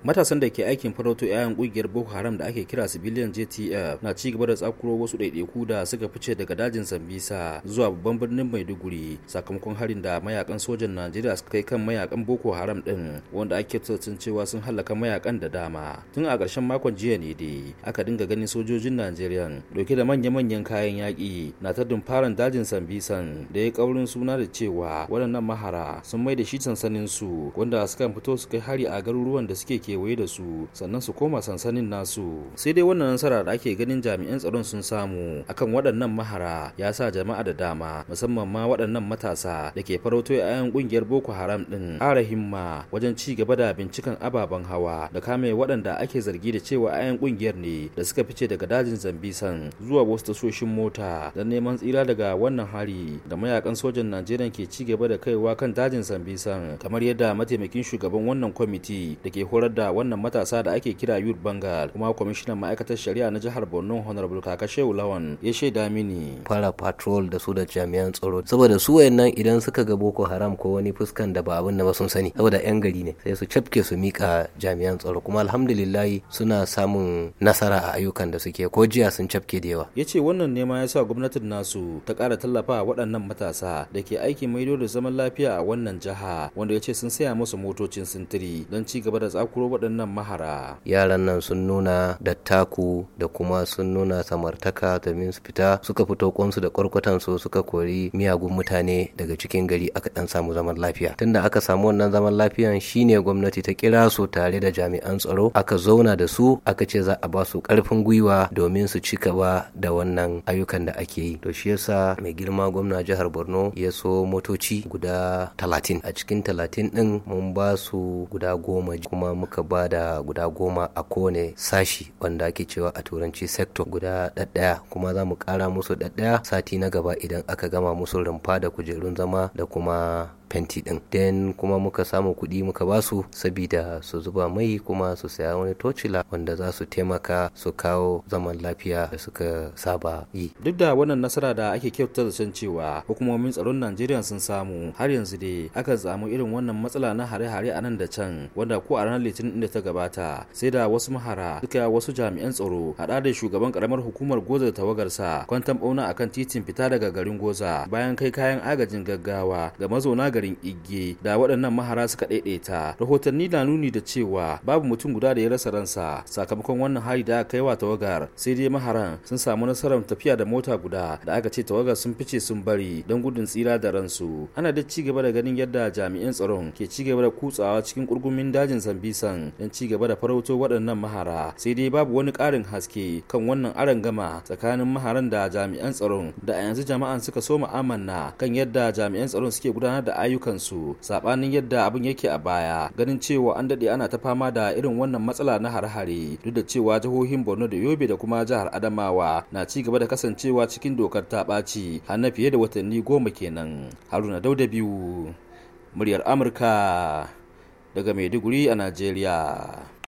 matasan da ke aikin farauto 'ya'yan kungiyar boko haram da ake kira civilian jtf na ci gaba da tsakuro wasu ɗaiɗaiku da suka fice daga dajin sambisa zuwa babban birnin maiduguri sakamakon harin da mayakan sojan najeriya suka kai kan mayakan boko haram ɗin, wanda ake tsotsin cewa sun halaka mayakan da dama tun a ƙarshen makon jiya ne dai aka dinga ganin sojojin najeriya dauke da manya-manyan kayan yaƙi na ta dumfaran dajin sambisan da ya kaurin suna da cewa waɗannan mahara sun mai da shi sansanin su wanda suka fito su kai hari a garuruwan da suke kewaye da su sannan su koma sansanin nasu sai dai wannan nasara da ake ganin jami'an tsaron sun samu akan waɗannan mahara ya sa jama'a da dama musamman ma waɗannan matasa da ke farauto 'yan ƙungiyar boko haram ɗin ƙara himma wajen ci gaba da binciken ababen hawa da kame waɗanda ake zargi da cewa yayan ƙungiyar ne da suka fice daga dajin zambisan zuwa wasu tasoshin mota don neman tsira daga wannan hari da mayakan sojan najeriya ke ci gaba da kaiwa kan dajin zambisan kamar yadda mataimakin shugaban wannan kwamiti da ke horar da da wannan matasa da ake kira Yud Bangal kuma kwamishinan ma'aikatar shari'a na jihar Borno Honorable Kaka Shehu Lawan ya shaida mini fara patrol da su da jami'an tsaro saboda su wayannan idan suka ga Boko Haram ko wani fuskan da ba abin da ba sun sani saboda yan gari ne sai su cafke su mika jami'an tsaro kuma alhamdulillah suna samun nasara a ayyukan da suke ko jiya sun cafke da yawa yace wannan nema ya sa gwamnatin nasu ta kara tallafa waɗannan matasa da ke aikin maido da zaman lafiya a wannan jiha wanda ya ce sun saya musu motocin sintiri don ci gaba da tsakuro waɗannan mahara yaran nan sun nuna da taku da kuma sun nuna samartaka domin su fita suka fito kwansu da kwarkwatansu suka kori miyagun mutane daga cikin gari aka dan samu zaman lafiya tunda aka samu wannan zaman lafiyan shine gwamnati ta kira su tare da jami'an tsaro aka zauna da su aka ce za a ba su karfin gwiwa domin su ci gaba da wannan ayyukan da ake yi to shi yasa mai girma gwamna jihar borno ya so motoci guda talatin a cikin talatin din mun ba su guda goma kuma muka aka ba da guda goma a kowane sashi wanda ake cewa a turanci sector guda ɗaɗɗaya kuma za mu ƙara musu ɗaɗɗaya sati na gaba idan aka gama musu rumfa da kujerun zama da kuma fenti din den kuma muka samu kuɗi muka basu sabida su zuba mai kuma su saya wani tocila wanda za su taimaka su kawo zaman lafiya da suka saba yi duk da wannan nasara da ake kyautar da san cewa hukumomin tsaron najeriya sun samu har yanzu dai aka samu irin wannan matsala na hare-hare a nan da can wanda ko a ranar litinin inda ta gabata sai da wasu mahara suka wasu jami'an tsaro haɗa da shugaban karamar hukumar goza da tawagarsa kwantan ɓauna akan titin fita daga garin goza bayan kai kayan agajin gaggawa ga mazauna garin garin Igge da waɗannan mahara suka daidaita. Rahotanni na nuni da cewa babu mutum guda da ya rasa ransa sakamakon wannan hari da aka kai wa tawagar sai dai maharan sun samu nasarar tafiya da mota guda da aka ce tawagar sun fice sun bari don gudun tsira da ransu. Ana da ci gaba da ganin yadda jami'an tsaron ke ci gaba da kutsawa cikin kurgumin dajin Zambisan don ci gaba da farauto waɗannan mahara sai dai babu wani ƙarin haske kan wannan aron gama tsakanin maharan da jami'an tsaron da a yanzu jama'an suka soma amanna kan yadda jami'an tsaron suke gudanar da ayyukansu sabanin yadda abin yake a baya ganin cewa an dade ana ta fama da irin wannan matsala na harhare, duk da cewa jihohin Borno da Yobe da kuma jihar Adamawa na ci gaba da kasancewa cikin dokar ta ɓaci har na fiye da watanni goma kenan Haruna Dauda biyu muryar Amurka daga Maiduguri a Najeriya